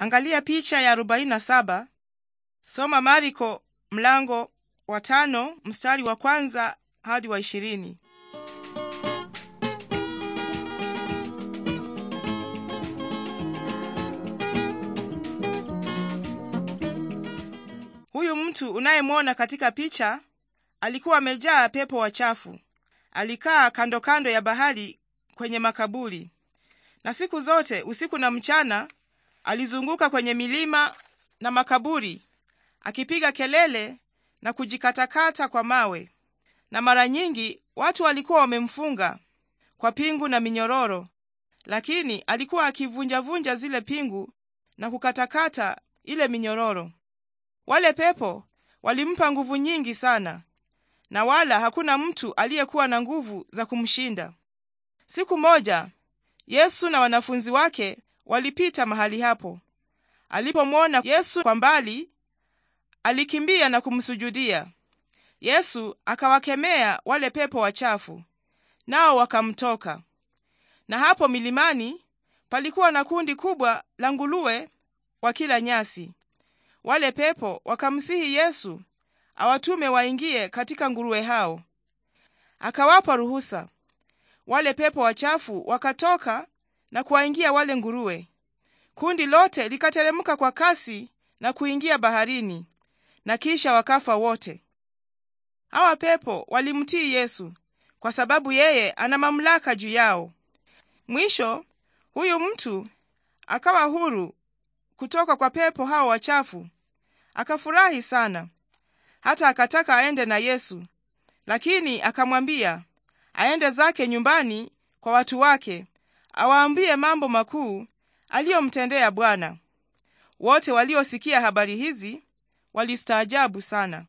Angalia picha ya 47, soma mariko mlango wa tano mstari wa kwanza hadi wa ishirini. Huyu mtu unayemwona katika picha alikuwa amejaa pepo wachafu. Alikaa kando kando ya bahari kwenye makaburi, na siku zote usiku na mchana Alizunguka kwenye milima na makaburi akipiga kelele na kujikatakata kwa mawe, na mara nyingi watu walikuwa wamemfunga kwa pingu na minyororo, lakini alikuwa akivunjavunja zile pingu na kukatakata ile minyororo. Wale pepo walimpa nguvu nyingi sana, na wala hakuna mtu aliyekuwa na nguvu za kumshinda. Siku moja Yesu na wanafunzi wake walipita mahali hapo. Alipomwona Yesu kwa mbali, alikimbia na kumsujudia. Yesu akawakemea wale pepo wachafu, nao wakamtoka. Na hapo milimani palikuwa na kundi kubwa la nguruwe kila nyasi. Wale pepo wakamsihi Yesu awatume waingie katika nguruwe hao. Akawapa ruhusa. Wale pepo wachafu wakatoka na kuwaingia wale nguruwe. Kundi lote likateremka kwa kasi na kuingia baharini, na kisha wakafa wote. Hawa pepo walimtii Yesu kwa sababu yeye ana mamlaka juu yao. Mwisho huyu mtu akawa huru kutoka kwa pepo hao wachafu, akafurahi sana, hata akataka aende na Yesu, lakini akamwambia aende zake nyumbani kwa watu wake awaambie mambo makuu aliyomtendea Bwana. Wote waliosikia habari hizi walistaajabu sana.